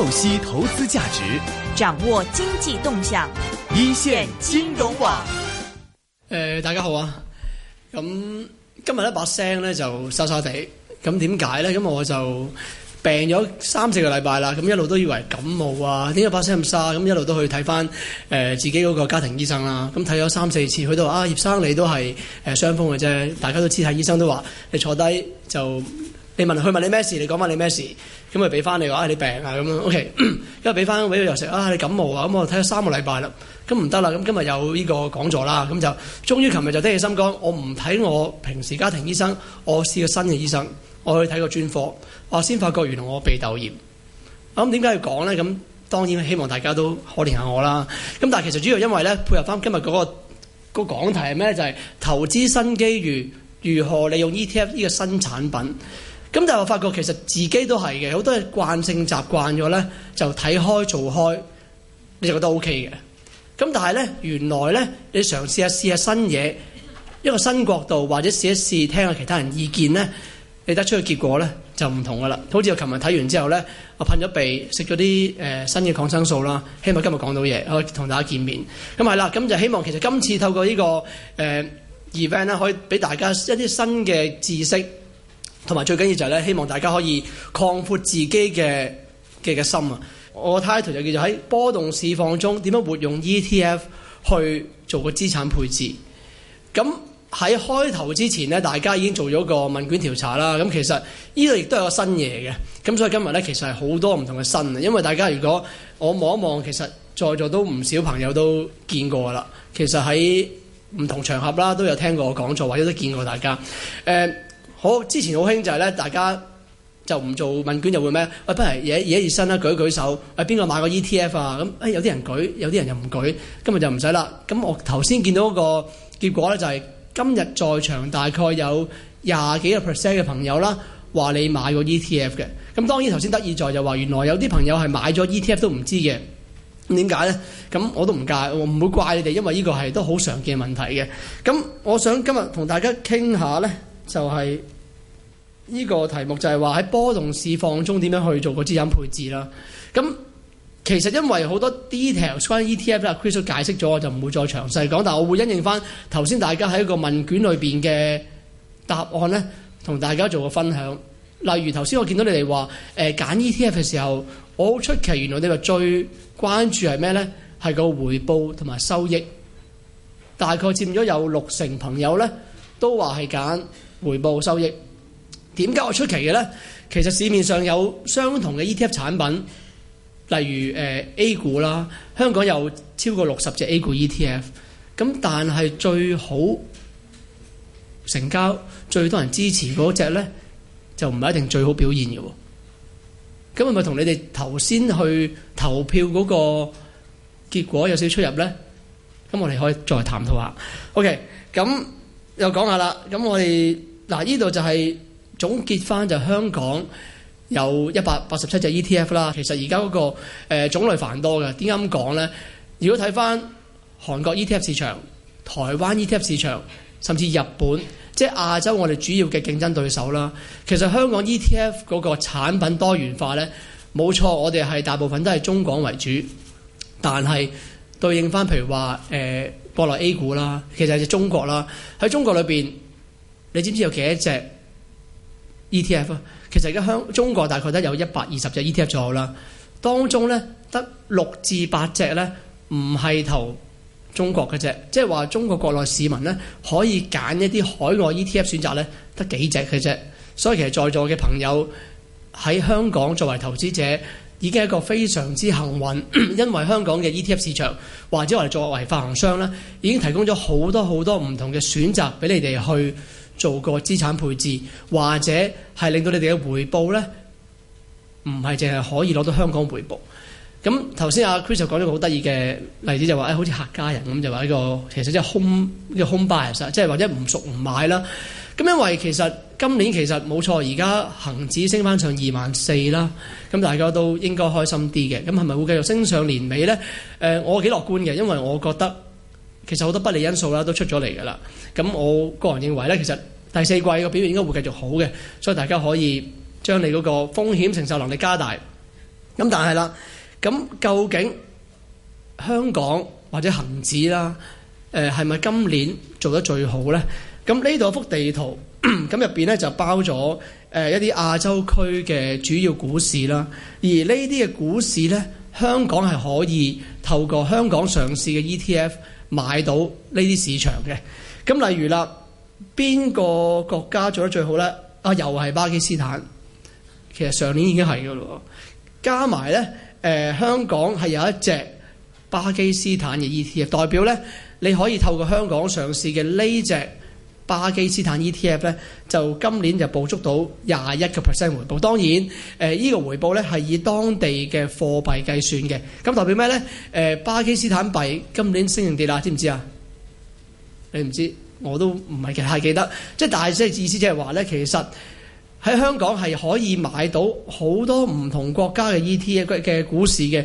透析投資價值，掌握經濟動向，一線金融網。誒、呃，大家好啊！咁、嗯、今日一把聲咧就沙沙地，咁點解咧？咁、嗯、我就病咗三四個禮拜啦，咁、嗯、一路都以為感冒啊，點解把聲咁沙？咁、嗯、一路都去睇返誒自己嗰個家庭醫生啦、啊，咁睇咗三四次，佢都話：啊葉生你都係誒傷風嘅啫，大家都知。睇醫生都話你坐低就。你問佢，問你咩事？你講翻你咩事，咁咪俾翻你話啊你病啊咁樣，O K，因為俾翻俾佢又食啊你感冒啊，咁我睇咗三個禮拜啦，咁唔得啦，咁今日有呢個講座啦，咁就終於琴日就得起心肝，我唔睇我平時家庭醫生，我試個新嘅醫生，我去睇個專科，我先發覺原來我鼻竇炎。咁諗點解要講咧？咁當然希望大家都可憐下我啦。咁但係其實主要因為咧配合翻今日嗰、嗰個、嗰個講、嗰個、題係咩、係、投資新機遇，如何利用 ETF 呢個新產品。咁但係我發覺其實自己都係嘅，好多嘢慣性習慣咗咧，就睇開做開，你就覺得 OK 嘅。咁但係咧，原來咧，你嘗試下試下新嘢，一個新角度，或者試一試聽下其他人意見咧，你得出嘅結果咧就唔同噶啦。好似我琴日睇完之後咧，我噴咗鼻，食咗啲誒新嘅抗生素啦，希望今日講到嘢可以同大家見面。咁係啦，咁就希望其實今次透過呢個誒、呃、event 咧，可以俾大家一啲新嘅知識。同埋最緊要就係咧，希望大家可以擴闊自己嘅嘅嘅心啊！我 title 就叫做喺波動市況中點樣活用 ETF 去做個資產配置。咁喺開頭之前呢，大家已經做咗個問卷調查啦。咁其實呢度亦都有個新嘢嘅。咁所以今日呢，其實係好多唔同嘅新啊！因為大家如果我望一望，其實在座都唔少朋友都見過啦。其實喺唔同場合啦，都有聽過我講座，或者都見過大家誒。呃好，之前好興就係、是、咧，大家就唔做問卷就會咩？喂、哎，不如而家熱身啦，舉一舉手。哎、啊，邊個買過 ETF 啊？咁啊，有啲人舉，有啲人又唔舉。今日就唔使啦。咁我頭先見到個結果咧、就是，就係今日在場大概有廿幾個 percent 嘅朋友啦，話你買過 ETF 嘅。咁當然頭先得意在就話，原來有啲朋友係買咗 ETF 都唔知嘅。咁點解咧？咁我都唔介意，我唔會怪你哋，因為呢個係都好常見問題嘅。咁我想今日同大家傾下咧、就是，就係。呢個題目就係話喺波動市況中點樣去做個資產配置啦。咁其實因為好多 details 關於 ETF 啦，Crystal 解釋咗我就唔會再詳細講，但係我會因應翻頭先大家喺個問卷裏邊嘅答案咧，同大家做個分享。例如頭先我見到你哋話誒揀 ETF 嘅時候，我好出奇，原來你哋最關注係咩咧？係個回報同埋收益，大概佔咗有六成朋友咧都話係揀回報收益。點解我出奇嘅咧？其實市面上有相同嘅 ETF 產品，例如誒 A 股啦，香港有超過六十隻 A 股 ETF。咁但係最好成交最多人支持嗰隻咧，就唔係一定最好表現嘅。咁係咪同你哋頭先去投票嗰個結果有少少出入咧？咁我哋可以再探討下。OK，咁又講下啦。咁我哋嗱呢度就係、是。總結翻就香港有一百八十七隻 ETF 啦，其實而家嗰個誒、呃、種類繁多嘅。點解咁講呢？如果睇翻韓國 ETF 市場、台灣 ETF 市場，甚至日本，即係亞洲我哋主要嘅競爭對手啦。其實香港 ETF 嗰個產品多元化呢，冇錯，我哋係大部分都係中港為主，但係對應翻譬如話誒國內 A 股啦，其實係中國啦。喺中國裏邊，你知唔知有幾多隻？ETF 啊，其實而家香中國大概得有一百二十隻 ETF 左右啦。當中咧得六至八隻咧唔係投中國嘅啫，即係話中國國內市民咧可以揀一啲海外 ETF 選擇咧得幾隻嘅啫。所以其實在座嘅朋友喺香港作為投資者已經係一個非常之幸運，因為香港嘅 ETF 市場或者我哋作為發行商咧已經提供咗好多好多唔同嘅選擇俾你哋去。做個資產配置，或者係令到你哋嘅回報咧，唔係淨係可以攞到香港回報。咁頭先阿 Chris 又講咗個好得意嘅例子，就話誒、哎、好似客家人咁，就話呢個其實即係 home 嘅 home bias，即係或者唔熟唔買啦。咁因為其實今年其實冇錯，而家恒指升返上二萬四啦，咁大家都應該開心啲嘅。咁係咪會繼續升上年尾咧？誒、呃，我幾樂觀嘅，因為我覺得。其實好多不利因素啦，都出咗嚟噶啦。咁我個人認為呢，其實第四季嘅表現應該會繼續好嘅，所以大家可以將你嗰個風險承受能力加大。咁但係啦，咁究竟香港或者恒指啦，誒係咪今年做得最好呢？咁呢度一幅地圖，咁入面呢， 面就包咗誒一啲亞洲區嘅主要股市啦。而呢啲嘅股市呢，香港係可以透過香港上市嘅 ETF。買到呢啲市場嘅，咁例如啦，邊個國家做得最好呢？啊，又係巴基斯坦。其實上年已經係㗎咯，加埋呢，誒、呃、香港係有一隻巴基斯坦嘅 ETF，代表呢，你可以透過香港上市嘅呢隻。巴基斯坦 ETF 咧，就今年就捕捉到廿一個 percent 回報。當然誒呢、呃呢個回報咧係以當地嘅貨幣計算嘅，咁代表咩咧？誒、呃、巴基斯坦幣今年升定跌啦，知唔知啊？你唔知我都唔係太記得，即係大致嘅意思即係話咧，其實喺香港係可以買到好多唔同國家嘅 ETF 嘅股市嘅。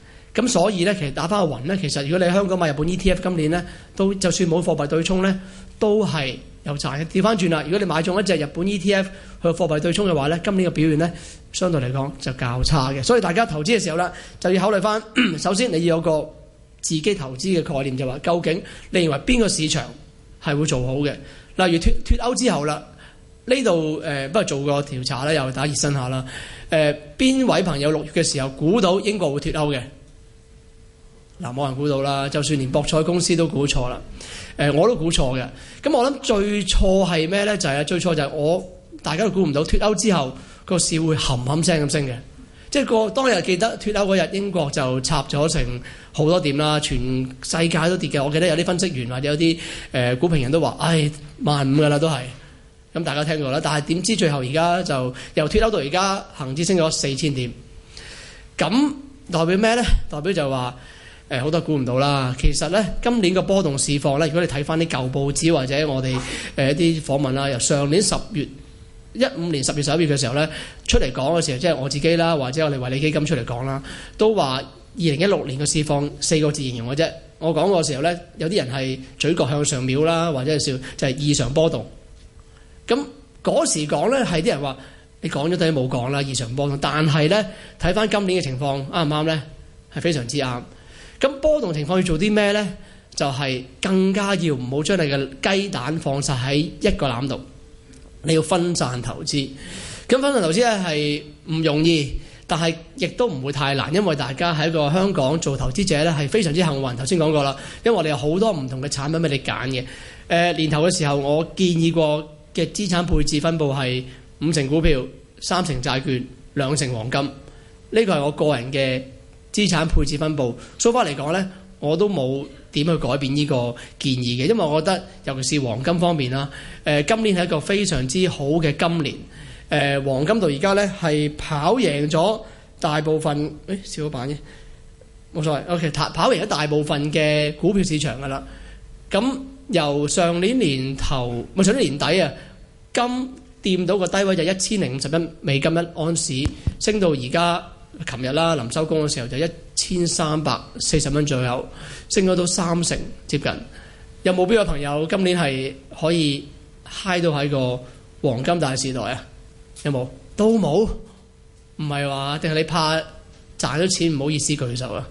咁所以咧，其實打翻個雲咧，其實如果你香港買日本 ETF，今年咧都就算冇貨幣對沖咧，都係有賺嘅。調翻轉啦，如果你買中一隻日本 ETF 去貨幣對沖嘅話咧，今年嘅表現咧相對嚟講就較差嘅。所以大家投資嘅時候咧，就要考慮翻。首先你要有個自己投資嘅概念，就話究竟你認為邊個市場係會做好嘅？例如脱脱歐之後啦，呢度誒，不如做個調查啦，又打熱身下啦。誒、呃，邊位朋友六月嘅時候估到英國會脱歐嘅？嗱，冇人估到啦。就算連博彩公司都估錯啦。誒、呃，我都估錯嘅。咁我諗最錯係咩咧？就係啊，最錯就係我大家都估唔到脱歐之後個市會冚冚聲咁升嘅。即係個當日記得脱歐嗰日，英國就插咗成好多點啦，全世界都跌嘅。我記得有啲分析員或者有啲誒股評人都話：，唉、哎，萬五噶啦，都係咁大家聽過啦。但係點知最後而家就由脱歐到而家，恒指升咗四千點，咁代表咩咧？代表就係話。誒好多估唔到啦！其實呢，今年嘅波動市況呢，如果你睇翻啲舊報紙或者我哋誒一啲訪問啦，由上年十月一五年十月十一月嘅時候呢，出嚟講嘅時候，即係我自己啦，或者我哋惠理基金出嚟講啦，都話二零一六年嘅市況四個字形容嘅啫。我講嗰時候呢，有啲人係嘴角向上翹啦，或者係笑，就係、是、異常波動。咁嗰時講呢係啲人話你講咗都冇講啦，異常波動。但係呢，睇翻今年嘅情況啱唔啱呢？係非常之啱。咁波動情況要做啲咩呢？就係、是、更加要唔好將你嘅雞蛋放晒喺一個籃度，你要分散投資。咁分散投資咧係唔容易，但係亦都唔會太難，因為大家喺個香港做投資者咧係非常之幸運。頭先講過啦，因為我哋有好多唔同嘅產品俾你揀嘅、呃。年頭嘅時候，我建議過嘅資產配置分佈係五成股票、三成債券、兩成黃金。呢個係我個人嘅資產配置分布，所以翻嚟講呢，我都冇點去改變呢個建議嘅，因為我覺得尤其是黃金方面啦，誒、呃、今年係一個非常之好嘅今年，誒、呃、黃金到而家呢，係跑贏咗大部分，誒少咗板嘅，冇所謂，OK，跑跑贏咗大部分嘅股票市場㗎啦。咁、嗯、由上年年頭咪上年年底啊，金掂到個低位就一千零五十一美金一安士，升到而家。琴日啦，臨收工嘅時候就一千三百四十蚊左右，升咗到三成接近。有冇邊個朋友今年係可以嗨到喺個黃金大時代啊？有冇？都冇？唔係話，定係你怕賺咗錢唔好意思舉手啊？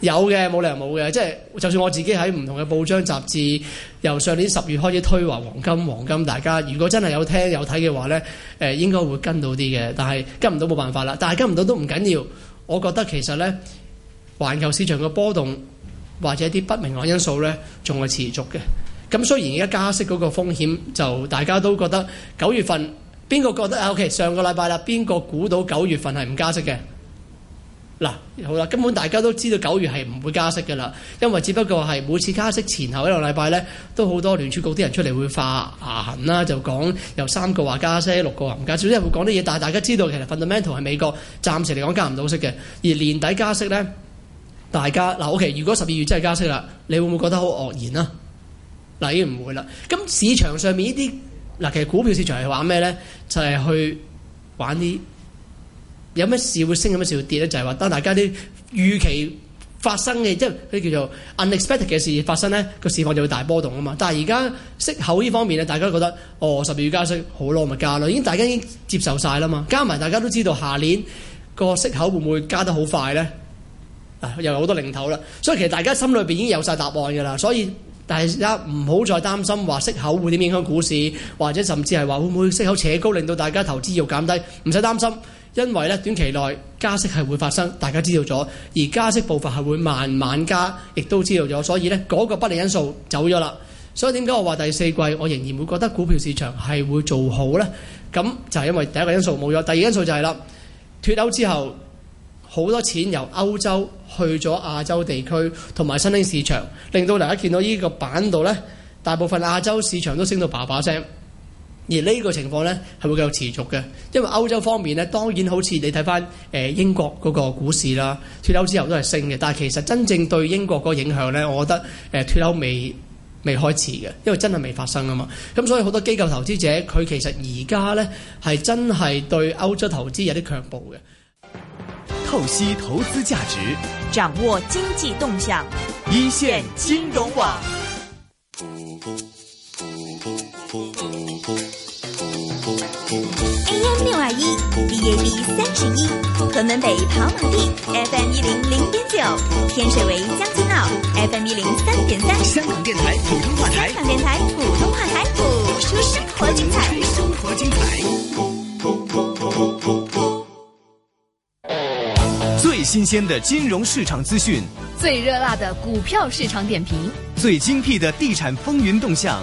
有嘅，冇理由冇嘅，即係就算我自己喺唔同嘅報章雜誌，由上年十月開始推華黃金黃金，大家如果真係有聽有睇嘅話咧，誒、呃、應該會跟到啲嘅，但係跟唔到冇辦法啦，但係跟唔到都唔緊要。我覺得其實咧，環球市場嘅波動或者啲不明朗因素咧，仲係持續嘅。咁雖然而家加息嗰個風險就大家都覺得九月份邊個覺得、啊、OK？上個禮拜啦，邊個估到九月份係唔加息嘅？嗱，好啦，根本大家都知道九月係唔會加息嘅啦，因為只不過係每次加息前後一個禮拜咧，都好多聯儲局啲人出嚟會化譚啦，就講由三個話加息，六個話唔加息。總之會講啲嘢。但係大家知道其實 fundamental 係美國暫時嚟講加唔到息嘅，而年底加息咧，大家嗱，OK，如果十二月真係加息啦，你會唔會覺得好愕然呀？嗱，已經唔會啦。咁市場上面呢啲嗱，其實股票市場係玩咩咧？就係、是、去玩啲。有咩事會升，有咩事會跌咧？就係話當大家啲預期發生嘅，即係嗰啲叫做 unexpected 嘅事發生咧，個市況就會大波動啊嘛。但係而家息口呢方面咧，大家都覺得哦，十二月加息好耐咪加咯，已經大家已經接受晒啦嘛。加埋大家都知道下年個息口會唔會加得好快咧？啊，又有好多零頭啦。所以其實大家心裏邊已經有晒答案噶啦。所以大家唔好再擔心話息口會點影響股市，或者甚至係話會唔會息口扯高，令到大家投資要減低，唔使擔心。因為咧短期內加息係會發生，大家知道咗；而加息部分係會慢慢加，亦都知道咗。所以呢嗰個不利因素走咗啦。所以點解我話第四季我仍然會覺得股票市場係會做好呢？咁就係因為第一個因素冇咗，第二個因素就係啦，脫歐之後好多錢由歐洲去咗亞洲地區同埋新興市場，令到大家見到呢個板度呢，大部分亞洲市場都升到爸爸聲。而呢個情況呢，係會繼續持續嘅，因為歐洲方面呢，當然好似你睇返誒英國嗰個股市啦，脫歐之後都係升嘅。但係其實真正對英國個影響呢，我覺得誒脫歐未未開始嘅，因為真係未發生啊嘛。咁所以好多機構投資者佢其實而家呢，係真係對歐洲投資有啲強暴嘅。透析投，投資價值，掌握經濟動向，一線金融網。嗯嗯嗯嗯 AM 六二一，B A B 三十一，屯門北跑馬地，FM 一零零點九，天水圍、將軍澳，FM 一零三點三，香港電台普通話台，香港電台普通話台，普說生活精彩，生活精彩，最新鮮的金融市場資訊，最熱辣的股票市場點評，最精辟的地產風雲動向。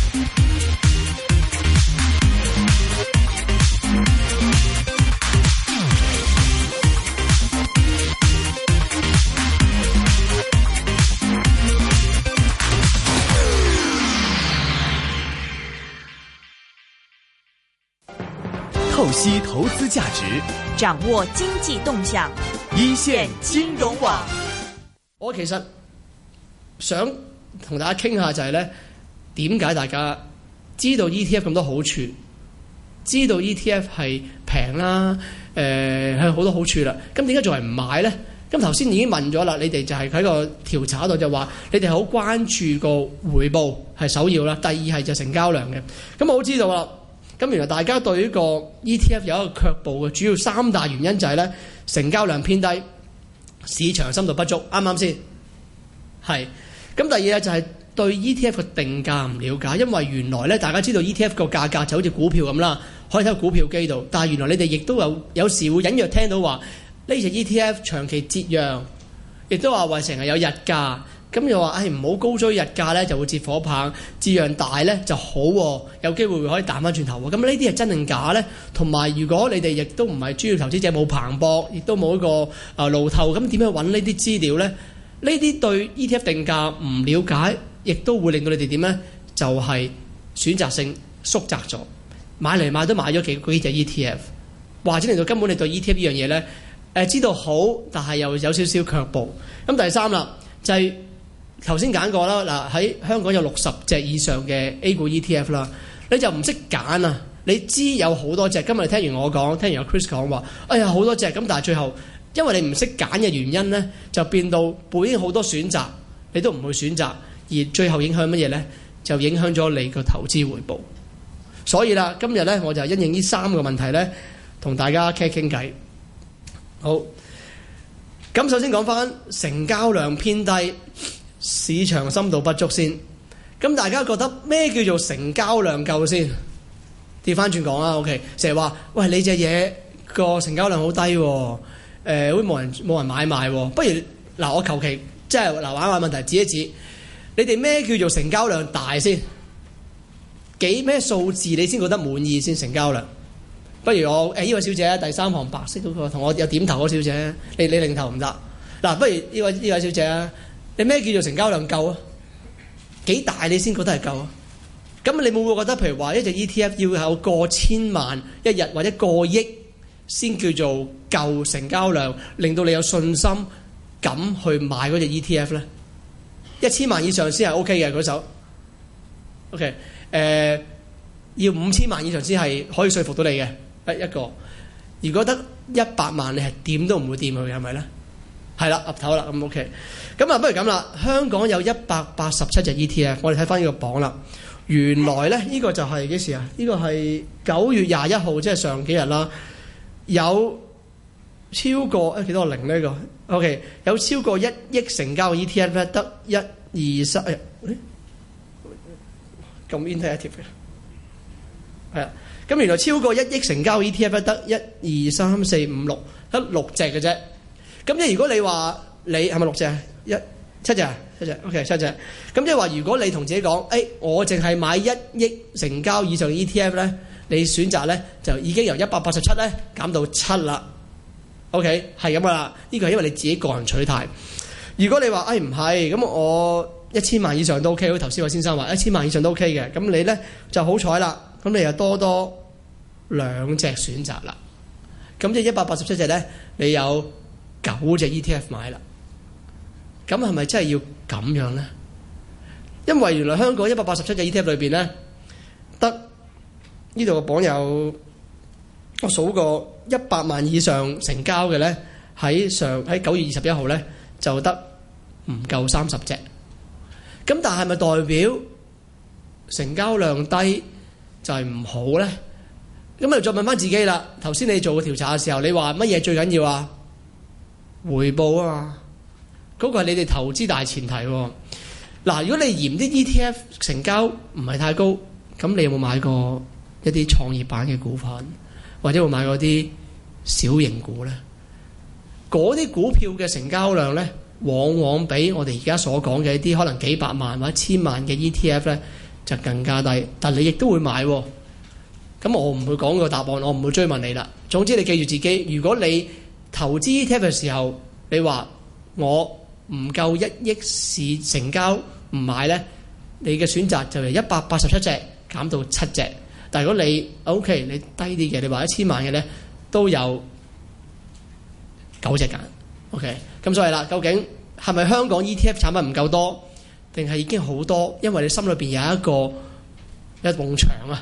投資價值，掌握經濟動向，一線金融網。我其實想同大家傾下就呢，就係咧，點解大家知道 ETF 咁多好處，知道 ETF 係平啦，誒、呃，係好多好處啦。咁點解仲係唔買咧？咁頭先已經問咗啦，你哋就係喺個調查度就話，你哋好關注個回報係首要啦，第二係就是成交量嘅。咁我好知道啦。咁原來大家對呢個 ETF 有一個卻步嘅主要三大原因就係咧，成交量偏低，市場深度不足，啱啱先？係咁，第二咧就係對 ETF 嘅定價唔了解，因為原來咧大家知道 ETF 個價格就好似股票咁啦，可以喺個股票機度。但係原來你哋亦都有有時會隱約聽到話呢隻、這個、ETF 長期折讓，亦都話話成日有日價。咁又話，唉，唔好高追日價咧，就會接火棒，字量大咧就好喎、啊，有機會會可以彈返轉頭喎、啊。咁呢啲係真定假咧？同埋，如果你哋亦都唔係專業投資者，冇彭博，亦都冇一個啊路、呃、透，咁點樣揾呢啲資料咧？呢啲對 ETF 定價唔了解，亦都會令到你哋點咧？就係、是、選擇性縮窄咗，買嚟買都買咗幾個幾隻 ETF，或者令到根本你對 ETF 呢樣嘢咧，誒、呃、知道好，但係又有少少卻步。咁第三啦，就係、是，頭先揀過啦，嗱喺香港有六十隻以上嘅 A 股 ETF 啦，你就唔識揀啊！你知有好多隻，今日聽完我講，聽完阿 Chris 講話，哎呀好多隻，咁但係最後因為你唔識揀嘅原因呢，就變到本應好多選擇你都唔會選擇，而最後影響乜嘢呢？就影響咗你個投資回報。所以啦，今日呢我就因應呢三個問題呢，同大家傾傾偈。好，咁首先講翻成交量偏低。市場深度不足先，咁大家覺得咩叫做成交量夠先？跌翻轉講啦，OK 成日話喂，你隻嘢個成交量好低，誒會冇人冇人買賣，不如嗱我求其即係嗱玩玩問題指一指，你哋咩叫做成交量大先？幾咩數字你先覺得滿意先成交量？不如我誒呢、欸、位小姐第三行白色嗰個同我有點頭嗰小姐，你你擰頭唔得嗱，不如呢位呢位小姐啊。係咩叫做成交量夠啊？幾大你先覺得係夠啊？咁你會唔會覺得，譬如話一隻 ETF 要有過千萬一日或者過億，先叫做夠成交量，令到你有信心敢去買嗰隻 ETF 咧？一千萬以上先係 OK 嘅，舉手。OK，誒、呃，要五千萬以上先係可以說服到你嘅，得一個。如果得一百萬，你係點都唔會掂佢，係咪咧？係啦，岌頭啦，咁、嗯、OK。咁啊，不如咁啦，香港有一百八十七隻 ETF，我哋睇翻呢個榜啦。原來咧，呢、這個就係、是、幾時啊？呢、這個係九月廿一號，即係上幾日啦。有超過誒幾、欸、多個零呢、這個？OK，有超過一億成交嘅 ETF 得一二三誒，咁 interactive 嘅。係啊，咁、嗯、原來超過一億成交 ETF，得一二三四五六，得六隻嘅啫。咁即如果你話你係咪六隻一七隻七隻,七隻 OK 七隻，咁即係話如果你同自己講，誒、哎、我淨係買一億成交以上嘅 ETF 咧，你選擇咧就已經由一百八十七咧減到七啦。OK 係咁噶啦，呢個係因為你自己個人取態。如果你話誒唔係咁，哎、我一千萬以上都 OK。好頭先位先生話一千萬以上都 OK 嘅，咁你咧就好彩啦。咁你又多多兩隻選擇啦。咁即係一百八十七隻咧，你有。九隻 ETF 買啦，咁係咪真係要咁樣咧？因為原來香港一百八十七隻 ETF 裏邊咧，得呢度個榜有我數過一百萬以上成交嘅咧，喺上喺九月二十一號咧就得唔夠三十隻。咁但係咪代表成交量低就係唔好咧？咁啊再問翻自己啦，頭先你做個調查嘅時候，你話乜嘢最緊要啊？回報啊嘛，嗰個係你哋投資大前提啊。嗱，如果你嫌啲 ETF 成交唔係太高，咁你有冇買過一啲創業板嘅股份，或者會買嗰啲小型股咧？嗰啲股票嘅成交量咧，往往比我哋而家所講嘅一啲可能幾百萬或者千萬嘅 ETF 咧，就更加低。但你亦都會買啊，咁我唔會講個答案，我唔會追問你啦。總之你記住自己，如果你投資 ETF 嘅時候，你話我唔夠一億市成交唔買呢？你嘅選擇就由一百八十七隻減到七隻。但如果你 OK，你低啲嘅，你話一千萬嘅呢，都有九隻揀。OK，咁所以啦，究竟係咪香港 ETF 產品唔夠多，定係已經好多？因為你心裏邊有一個有一埲牆啊！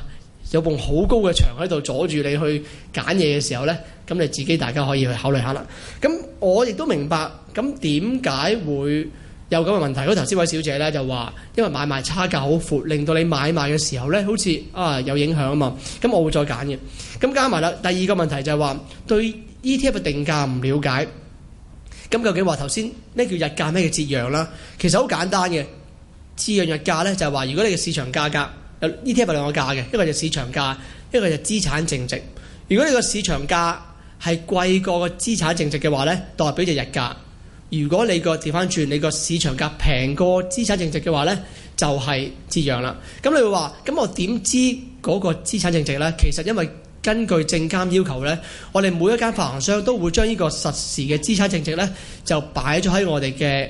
有棟好高嘅牆喺度阻住你去揀嘢嘅時候呢，咁你自己大家可以去考慮下啦。咁我亦都明白，咁點解會有咁嘅問題？嗰頭先位小姐呢就話，因為買賣差價好闊，令到你買賣嘅時候呢好似啊有影響啊嘛。咁我會再揀嘅。咁加埋啦，第二個問題就係話對 ETF 嘅定價唔了解。咁究竟話頭先咩叫溢價，咩叫折讓啦？其實好簡單嘅，折讓溢價呢就係話如果你嘅市場價格。有 ETF 係兩個價嘅，一個就市場價，一個就資產淨值。如果你個市場價係貴過個資產淨值嘅話呢，代表就溢價；如果你個調返轉，你個市場價平過資產淨值嘅話呢，就係折讓啦。咁你會話，「咁我點知嗰個資產淨值呢？」其實因為根據證監要求呢，我哋每一間發行商都會將呢個實時嘅資產淨值呢，就擺咗喺我哋嘅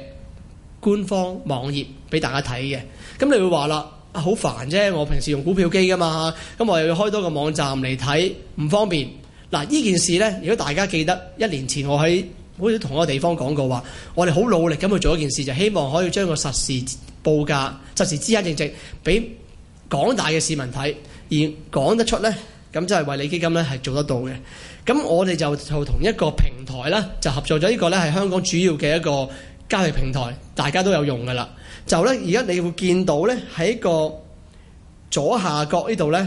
官方網頁俾大家睇嘅。咁你會話啦。好、啊、煩啫！我平時用股票機噶嘛，咁我又要開多個網站嚟睇，唔方便。嗱、啊，呢件事呢，如果大家記得一年前我喺好似同一個地方講過話，我哋好努力咁去做一件事，就是、希望可以將個實時報價、實時資產淨值俾廣大嘅市民睇，而講得出呢，咁即係惠理基金呢係做得到嘅。咁我哋就就同一個平台啦，就合作咗呢、這個呢係香港主要嘅一個交易平台，大家都有用噶啦。就咧，而家你會見到咧，喺個左下角呢度咧，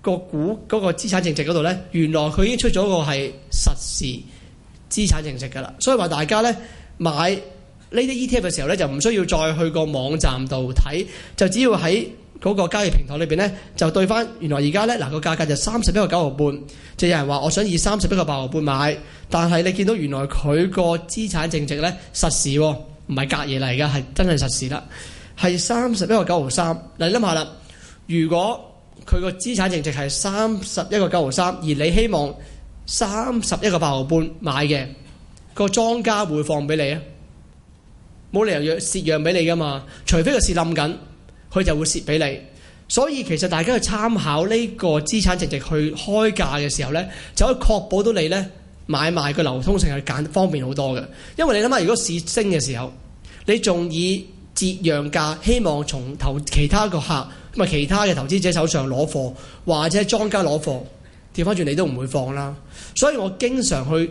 個股嗰個資產淨值嗰度咧，原來佢已經出咗個係實時資產淨值噶啦，所以話大家咧買呢啲 ETF 嘅時候咧，就唔需要再去個網站度睇，就只要喺嗰個交易平台裏邊咧，就對翻原來而家咧嗱個價格就三十一個九毫半，就有人話我想以三十一個八毫半買，但係你見到原來佢個資產淨值咧實時喎。唔係隔夜嚟噶，係真係實事啦。係三十一個九毫三。嗱，你諗下啦，如果佢個資產淨值係三十一個九毫三，而你希望三十一個八毫半買嘅個莊家會放俾你啊？冇理由要蝕讓俾你噶嘛？除非個市冧緊，佢就會蝕俾你。所以其實大家去參考呢個資產淨值去開價嘅時候咧，就可以確保到你咧買賣個流通性係簡單方便好多嘅。因為你諗下，如果市升嘅時候。你仲以折讓價，希望從投其他個客，咁啊其他嘅投資者手上攞貨，或者係莊家攞貨，調翻轉你都唔會放啦。所以我經常去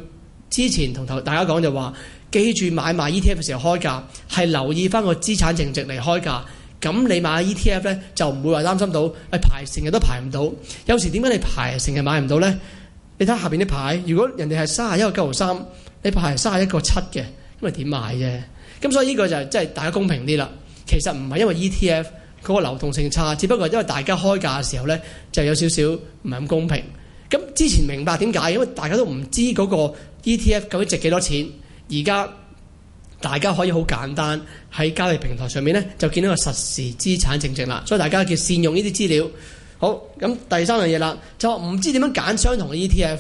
之前同大家講就話，記住買賣 ETF 嘅時候開價，係留意翻個資產淨值嚟開價。咁你買 ETF 呢，就唔會話擔心到，誒排成日都排唔到。有時點解你排成日買唔到呢？你睇下邊啲牌，如果人哋係三十一個九毫三，你排三十一個七嘅，咁啊點買啫？咁所以呢個就係即係大家公平啲啦。其實唔係因為 ETF 嗰個流動性差，只不過因為大家開價嘅時候呢就有少少唔係咁公平。咁之前明白點解，因為大家都唔知嗰個 ETF 究竟值幾多錢。而家大家可以好簡單喺交易平台上面呢就見到個實時資產淨值啦。所以大家叫善用呢啲資料。好，咁第三樣嘢啦，就唔知點樣揀相同嘅 ETF。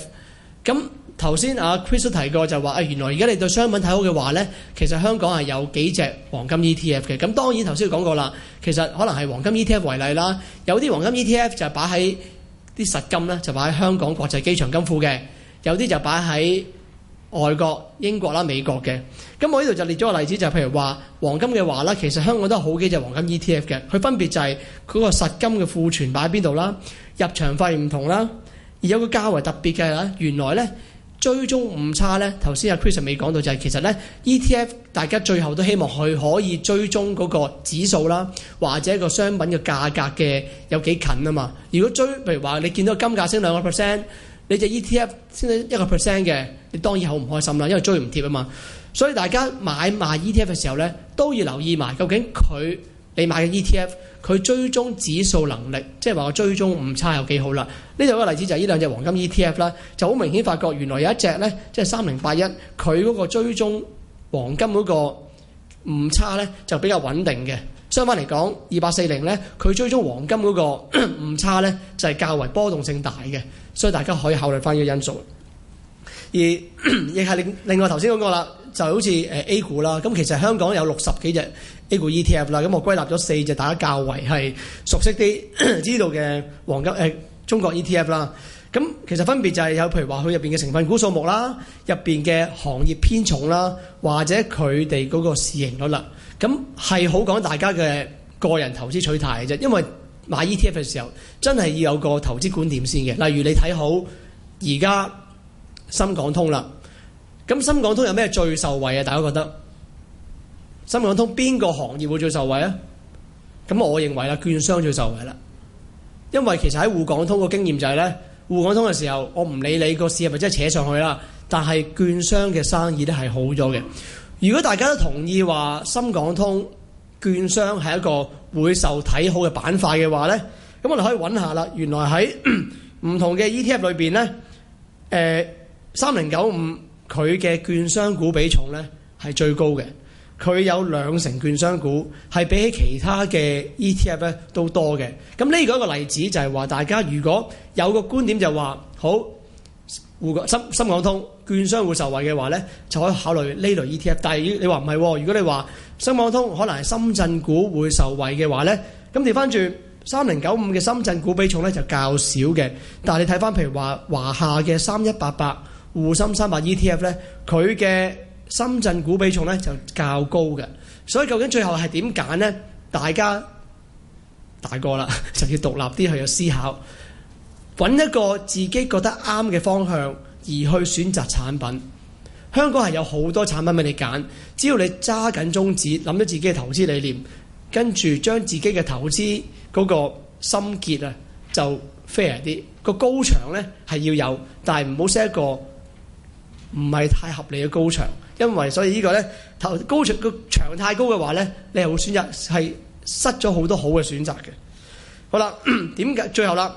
咁頭先阿 Chris 提過就話誒，原來而家你對商品睇好嘅話呢，其實香港係有幾隻黃金 ETF 嘅。咁當然頭先講過啦，其實可能係黃金 ETF 為例啦，有啲黃金 ETF 就係擺喺啲實金咧，就擺喺香港國際機場金庫嘅；有啲就擺喺外國、英國啦、美國嘅。咁我呢度就列咗個例子，就譬如話黃金嘅話啦，其實香港都係好幾隻黃金 ETF 嘅，佢分別就係嗰個實金嘅庫存擺喺邊度啦，入場費唔同啦。而有個較為特別嘅啦，原來呢，追蹤誤差呢頭先阿 Chris 未講到就係、是、其實呢 ETF，大家最後都希望佢可以追蹤嗰個指數啦，或者個商品嘅價格嘅有幾近啊嘛。如果追，譬如話你見到金價升兩個 percent，你隻 ETF 升得一個 percent 嘅，你當然好唔開心啦，因為追唔貼啊嘛。所以大家買賣 ETF 嘅時候呢，都要留意埋究竟佢你買嘅 ETF。佢追蹤指數能力，即係話個追蹤誤差有幾好啦？呢度個例子就係呢兩隻黃金 ETF 啦，就好明顯發覺原來有一隻呢，即係三零八一，佢嗰個追蹤黃金嗰個誤差呢，就比較穩定嘅。相反嚟講，二八四零呢，佢追蹤黃金嗰個誤差呢，就係較為波動性大嘅，所以大家可以考慮返呢個因素。而亦係另另外頭先嗰個啦，就好似誒 A 股啦，咁其實香港有六十幾隻 A 股 ETF 啦，咁我歸納咗四隻大家較為係熟悉啲知道嘅黃金誒、呃、中國 ETF 啦。咁其實分別就係有譬如話佢入邊嘅成分股數目啦，入邊嘅行業偏重啦，或者佢哋嗰個市盈率啦，咁係好講大家嘅個人投資取態嘅啫。因為買 ETF 嘅時候真係要有個投資觀點先嘅，例如你睇好而家。深港通啦，咁深港通有咩最受惠啊？大家覺得深港通邊個行業會最受惠啊？咁我認為啦，券商最受惠啦，因為其實喺滬港通個經驗就係、是、咧，滬港通嘅時候，我唔理你個市係咪真係扯上去啦，但係券商嘅生意咧係好咗嘅。如果大家都同意話深港通券商係一個會受睇好嘅板塊嘅話咧，咁我哋可以揾下啦。原來喺唔 同嘅 ETF 裏邊咧，誒、呃。三零九五佢嘅券商股比重呢，係最高嘅，佢有兩成券商股係比起其他嘅 ETF 咧都多嘅。咁、這、呢個一個例子就係話，大家如果有個觀點就話好，滬深深港通券商會受惠嘅話呢，就可以考慮呢類 ETF。但係你話唔係喎，如果你話深港通可能係深圳股會受惠嘅話呢，咁調翻轉三零九五嘅深圳股比重呢，就較少嘅。但係你睇翻譬如話華夏嘅三一八八。滬深三百 ETF 咧，佢嘅深圳股比重咧就較高嘅，所以究竟最後係點揀呢？大家大個啦， 就要獨立啲去有思考，揾一個自己覺得啱嘅方向而去選擇產品。香港係有好多產品俾你揀，只要你揸緊宗旨，諗到自己嘅投資理念，跟住將自己嘅投資嗰個心結啊，就 fair 啲。個高牆咧係要有，但係唔好 set 一個唔係太合理嘅高牆，因為所以呢個呢，頭高牆個牆太高嘅話呢，你係會選擇係失咗好多好嘅選擇嘅。好啦，點解最後啦？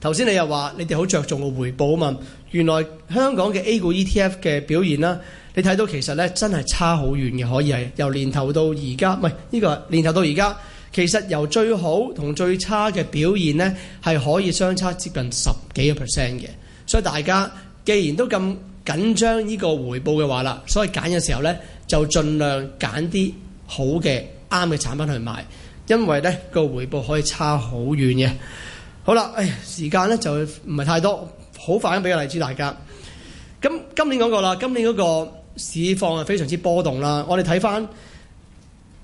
頭先你又話你哋好着重個回報啊嘛，原來香港嘅 A 股 ETF 嘅表現啦，你睇到其實呢真係差好遠嘅，可以係由年頭到而家，唔係呢個年頭到而家，其實由最好同最差嘅表現呢，係可以相差接近十幾個 percent 嘅。所以大家既然都咁，緊張呢個回報嘅話啦，所以揀嘅時候呢，就盡量揀啲好嘅啱嘅產品去買，因為呢個回報可以差好遠嘅。好啦，唉，時間呢就唔係太多，好快咁俾個例子大家。咁今年講過啦，今年嗰個市況係非常之波動啦。我哋睇翻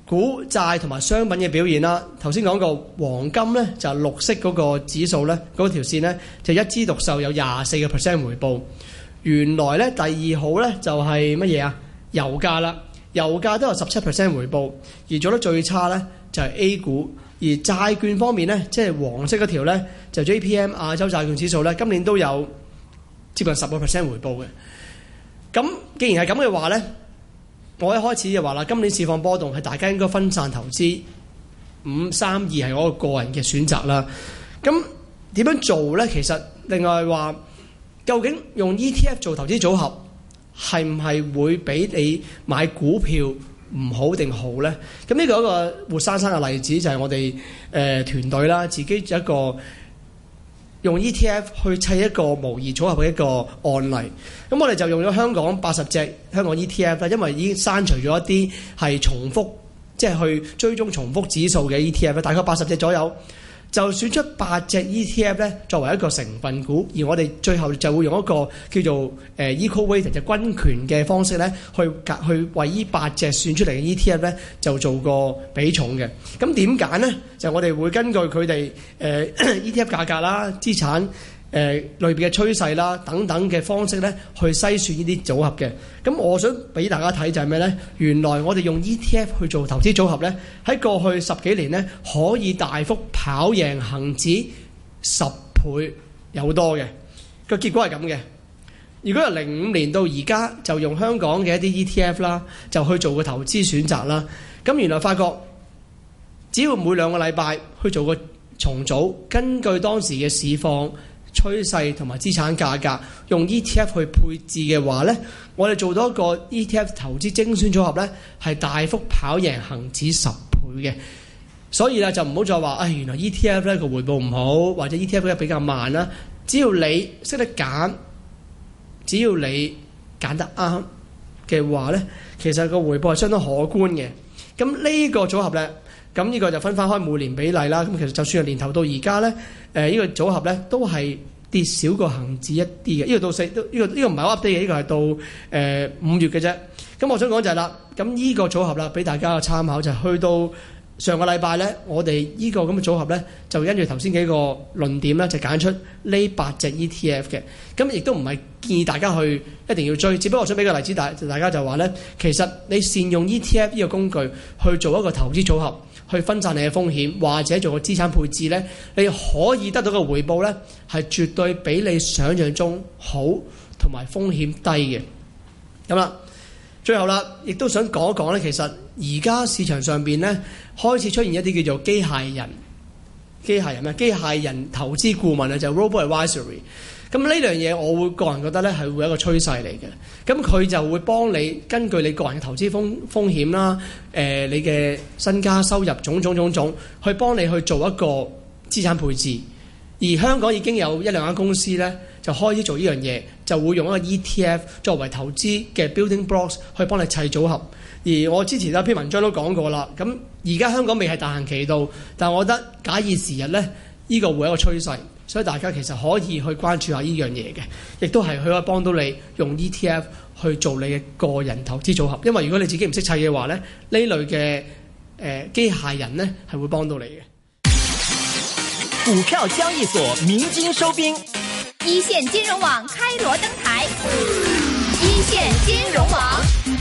股債同埋商品嘅表現啦。頭先講過黃金呢就係、綠色嗰個指數呢嗰條線呢就一枝獨秀有，有廿四個 percent 回報。原來咧，第二號咧就係乜嘢啊？油價啦，油價都有十七 percent 回報，而做得最差咧就係、是、A 股。而債券方面咧，即係黃色嗰條咧，就是、JPM 亞洲債券指數咧，今年都有接近十個 percent 回報嘅。咁既然係咁嘅話咧，我一開始就話啦，今年市況波動係大家應該分散投資，五三二係我個人嘅選擇啦。咁點樣做咧？其實另外話。究竟用 ETF 做投資組合係唔係會比你買股票唔好定好呢？咁呢個一個活生生嘅例子就係我哋誒團隊啦，自己一個用 ETF 去砌一個模擬組合嘅一個案例。咁我哋就用咗香港八十隻香港 ETF 啦，因為已經刪除咗一啲係重複，即係去追蹤重複指數嘅 ETF，大概八十隻左右。就選出八隻 ETF 咧，作為一個成分股，而我哋最後就會用一個叫做誒、e、Equal Weight ed，就均權嘅方式咧，去去為依八隻選出嚟嘅 ETF 咧就做個比重嘅。咁點揀呢？就我哋會根據佢哋誒 ETF 價格啦、資產誒、呃、類別嘅趨勢啦，等等嘅方式咧，去篩選呢啲組合嘅。咁我想俾大家睇就係咩呢？原來我哋用 ETF 去做投資組合呢，喺過去十幾年呢，可以大幅跑贏恒指十倍有多嘅。個結果係咁嘅。如果由零五年到而家，就用香港嘅一啲 ETF 啦，就去做個投資選擇啦。咁原來發覺只要每兩個禮拜去做個重組，根據當時嘅市況。趨勢同埋資產價格，用 ETF 去配置嘅話呢，我哋做到一個 ETF 投資精選組合呢，係大幅跑贏恒指十倍嘅。所以呢，就唔好再話，唉，原來 ETF 呢個回報唔好，或者 ETF 比較慢啦。只要你識得揀，只要你揀得啱嘅話呢，其實個回報係相當可觀嘅。咁呢個組合呢。咁呢個就分翻開每年比例啦。咁其實就算係年頭到而家咧，誒呢個組合咧都係跌少個恒指一啲嘅。呢個到四，呢個呢個唔係 update 嘅，呢個係到誒五月嘅啫。咁我想講就係啦，咁呢個組合啦，俾大家嘅參考就係去到上個禮拜咧，我哋呢個咁嘅組合咧，就因住頭先幾個論點咧，就揀出呢八隻 ETF 嘅。咁亦都唔係建議大家去一定要追，只不過我想俾個例子大，大家就話咧，其實你善用 ETF 呢個工具去做一個投資組合。去分散你嘅風險，或者做個資產配置呢，你可以得到嘅回報呢，係絕對比你想象中好，同埋風險低嘅。咁啦，最後啦，亦都想講一講呢，其實而家市場上邊呢，開始出現一啲叫做機械人，機械人咩？機械人投資顧問啊，就係 robot advisory。咁呢樣嘢，個我會個人覺得呢係會一個趨勢嚟嘅。咁佢就會幫你根據你個人嘅投資風風險啦，誒、呃，你嘅身家收入，種種種種，去幫你去做一個資產配置。而香港已經有一兩間公司呢，就開始做呢樣嘢，就會用一個 ETF 作為投資嘅 building blocks 去幫你砌組合。而我之前一篇文章都講過啦，咁而家香港未係大行其道，但我覺得假以時日呢，呢、呢個會一個趨勢。所以大家其實可以去關注下呢樣嘢嘅，亦都係佢可以幫到你用 ETF 去做你嘅個人投資組合，因為如果你自己唔識砌嘅話咧，呢類嘅誒、呃、機械人咧係會幫到你嘅。股票交易所鳴金收兵，一線金融網開鑼登台，一線金融網。